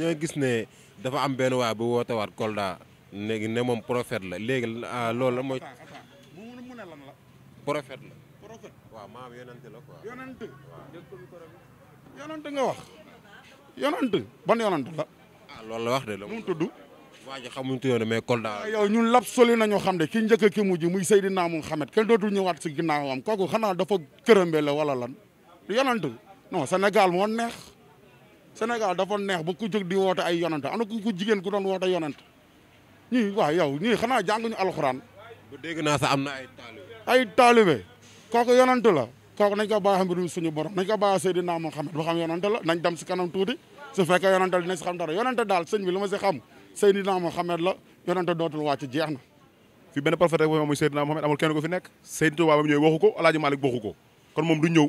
dañoo gis ne dafa am benn waay bu woote waat Kolda léegi ne moom prophète la léegi ah, lool la mooy. mu ne lan la. prophète la. prophète waaw maam yonante la quoi. yonante yonante nga wax. yonante ban yonante la. ah loolu la wax de la. nu tudd tudd. waa ji xamuñu tuddee mais Kolda. Ah, yow ñun l'absolu nañu xam ne ki njëkk ki mujj muy Seydina Muhammad kenn dootul ñëwaat si ginnaawam kooku xanaa dafa kërëmbe la wala lan yonante non Sénégal moo neex. Sénégal dafa neex ba ku jóg di woote ay yonante ana ku ku jigéen ku doon woote yonante ñii waaw yow ñii xanaa ñu alxuraan. bu dégg naa am na ay taalibe. ay taalibe kooku yonante la kooku nañ ko bàyyi mbirum suñu borom nañ ko bàyyi Seydina Muhammad ba xam nañ dem si kanam tuuti su fekkee yonante la dinañ si xam dara yonante daal sëñ bi li ma si xam Seydina la yonante dootul wàcc jeex na. fi benn prophète bu muy Seydina Muhammad amul kenn ko fi nekk Seydina Touba ba mu ñëw waxu ko El Hadj Malick waxu ko kon moom du ñëw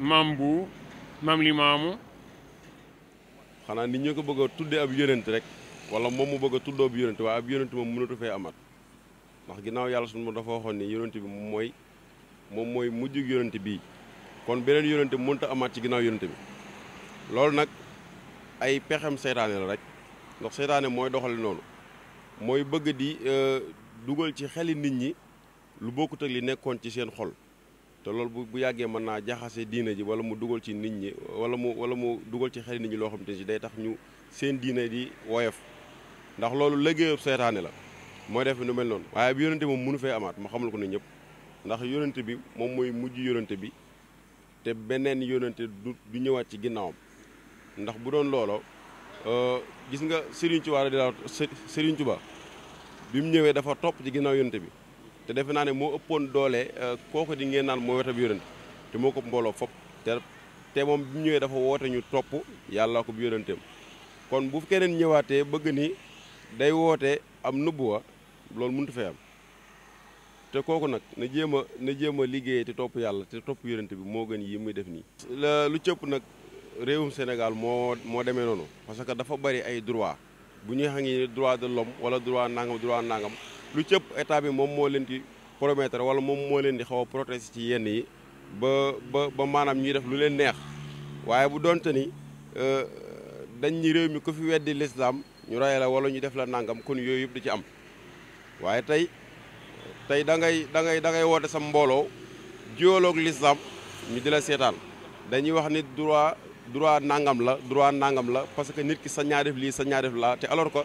maam bu maam li maamu xanaa nit ñi ko bëgg a tuddee ab yonent rek wala moom mu bëgg a tuddoo ab yonent waaye ab yonent moom mënatu fee amat ndax ginnaaw yàlla sunu dafa waxoon ni yonent bi moom mooy moom mooy mujjug yonent bii kon beneen yonent bi a amaat ci ginnaaw yonent bi loolu nag ay pexem seytaane la rek ndax seytaane mooy doxale noonu mooy bëgg di euh, dugal ci xeli nit ñi lu bokkut ak li nekkoon ci seen xol te loolu bu bu yàggee mën naa jaxase diine ji wala mu dugal ci nit ñi wala mu wala mu dugal ci xel nit ñi loo xam te ne day tax ñu seen diine di woyef ndax loolu liggéeyub seytaane la mooy def nu mel noonu waaye bi yonente moom mënu fee amaat ma xamal ko ne ñëpp ndax yonente bi moom mooy mujj yonente bi te beneen yonente du ñëwaat ci ginnaawam ndax bu doon loolo euh, gis nga ci di Serigne Touba Serigne ba bi mu ñëwee dafa topp ci ginnaaw yonente bi te defe naa ne moo ëppoon doole euh, kooku di ngeen naan mooy wetam yonent te moo ko mbooloo fop te te moom bi mu ñëwee dafa woote ñu topp yàlla ko bi yonenteem kon bu keneen ñëwaatee bëgg ni day woote am nubuwa loolu mënut fee am te kooku nag na jéem a na jéem a liggéey te topp yàlla te topp yonent bi moo gën yii muy def nii. lu cëpp nag réewum Sénégal moo moo demee noonu parce que dafa bari ay droit bu ñuy xam ni droit de l'homme wala droit nangam droit nangam. lu cëpp état bi moom moo leen di promettre wala moom moo leen di xaw a ci yenn yi ba ba ba maanaam ñuy def lu leen neex waaye bu doonte ni euh, dañ ñi réew mi ku fi weddi lislaam ñu rey la wala ñu def la nangam kon yooyu yëpp di ci am waaye tey tey da ngay da ngay da ngay woote sam mbooloo jioloog lislaam ñu di la seetaan dañuy wax nit droit droit nangam la droit nangam la parce que nit ki sañ naa lii sañ naa def laa te alors ko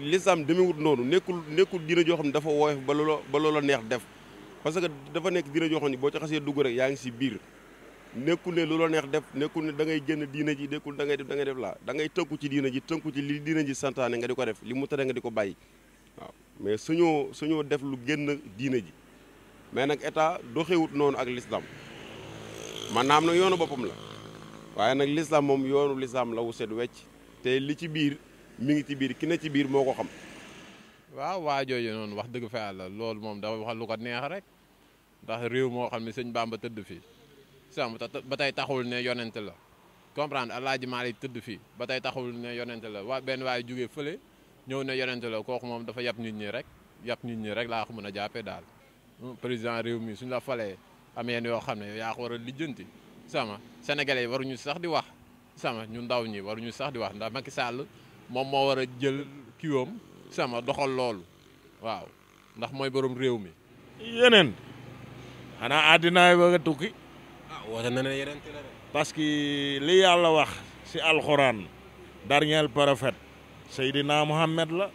lislaam demewut noonu nekkul nekkul diina joo ne dafa woyof ba loola ba neex def parce que dafa nekk diina joo xam boo ca xasee dugg rek yaa ngi si biir nekkul ne loola neex def nekkul ne dangay génn diina ji nekkul dangay ngay def da ngay def laa da tënku ci diina ji tënku ci li diina ji santaane nga di ko def li mu tere nga di ko bàyyi waaw mais suñoo suñoo def lu génn diina ji mais nag état doxewut noonu ak lislaam maanaam nag yoonu boppam la waaye nag lislaam moom yoonu lislaam la wu set wecc te li ci biir mi ngi ci biir ki ne ci biir moo ko xam. waaw waa jooju noonu wax dëgg fa yàlla loolu moom dafa wax lu ko neex rek ndax réew moo xam ne sëñ Bamba tëdd fii sàmm ba tey taxul ne yonent la comprendre Alaaji Maalik tëdd fii ba tey taxul ne yonent la waa benn waaye jóge fële ñëw ne yonent la kooku moom dafa yab nit ñii rek yab nit ñi rek laa ko mën a jàppee daal. Hmm, président réew mi suñ la falee am yenn yoo xam ne yaa ko war a lijjanti sama sénégalais yi waruñu sax di wax sama ñun ndaw ñi waruñu sax di wax ndax Sall moom moo war a jël kiwoom sama doxal loolu waaw ndax mooy borom réew mi. yeneen xanaa àddinaay ba nga tukki. ah woote na ne yeneen parce que li yàlla wax si alxuraan dernier prophète Seydina Muhammad la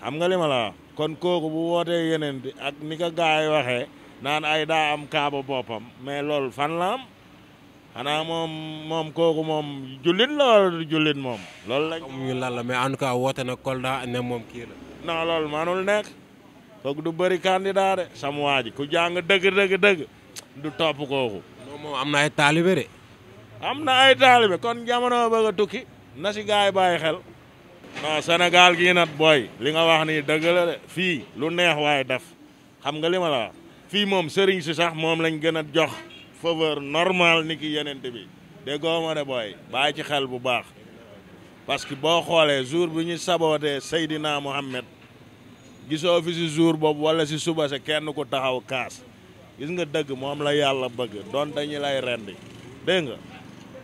xam nga li la kon kooku bu wootee yeneen di ak ni ko gaay waxee naan ay daa am kaaba boppam mais loolu fan la am. xanaa moom moom kooku moom jullit la wala jullit moom loolu lañ. xamuñu lan la mais en woote na Kolda ne moom kii la. non loolu manul nekk kooku du bëri candidat de sama waa ku jàng dëgg dëgg dëgg du topp kooku. am na ay taalibe de. am na ay taalibe kon jamono bëgg a na si gaay bàyyi xel. non Sénégal gii nag booy li nga wax nii dëgg la de fii lu neex waay def xam nga li la fii moom sëriñ si sax moom lañ gën a jox. faveur normal ni ki yeneen bi déggoo ma ne booy bàyyi ci xel bu baax parce que boo xoolee jour bi ñu sabootee Seydina Mohamed gisoo fi si jour boobu wala si suba si kenn ku taxaw kaas gis nga dëgg moom la yàlla bëgg doon dañu lay rendi dégg nga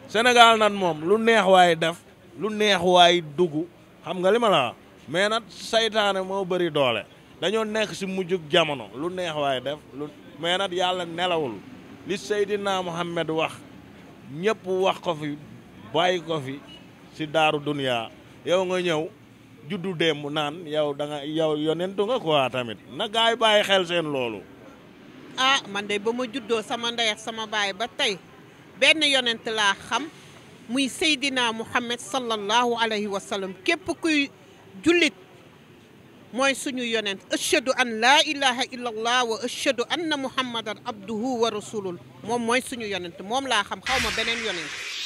Sénégal nag moom lu neex waay def lu neex waay dugg xam nga li ma la mais nag saytaane moo bëri doole dañoo nekk si mujjug jamono lu neex waay def lu mais yàlla nelawul li Seydina Muhammad wax ñëpp wax ko fi bàyyi ko fi si daaru duniyaa yow nga ñëw juddu démb naan yow da yow yonentu nga quoi tamit na gaay bàyyi xel seen loolu. ah man de ba ma juddoo sama ndey ak sama baay ba tey benn yonent laa xam muy Seydina Muhammad sallallahu alayhi wa sallam képp kuy jullit. mooy suñu yonent ashhadu an laa ilaha illa allah wa ashhadu anna muhammadan abduhu wa rasulul moom mooy suñu yonent moom laa xam xaw ma beneen yonent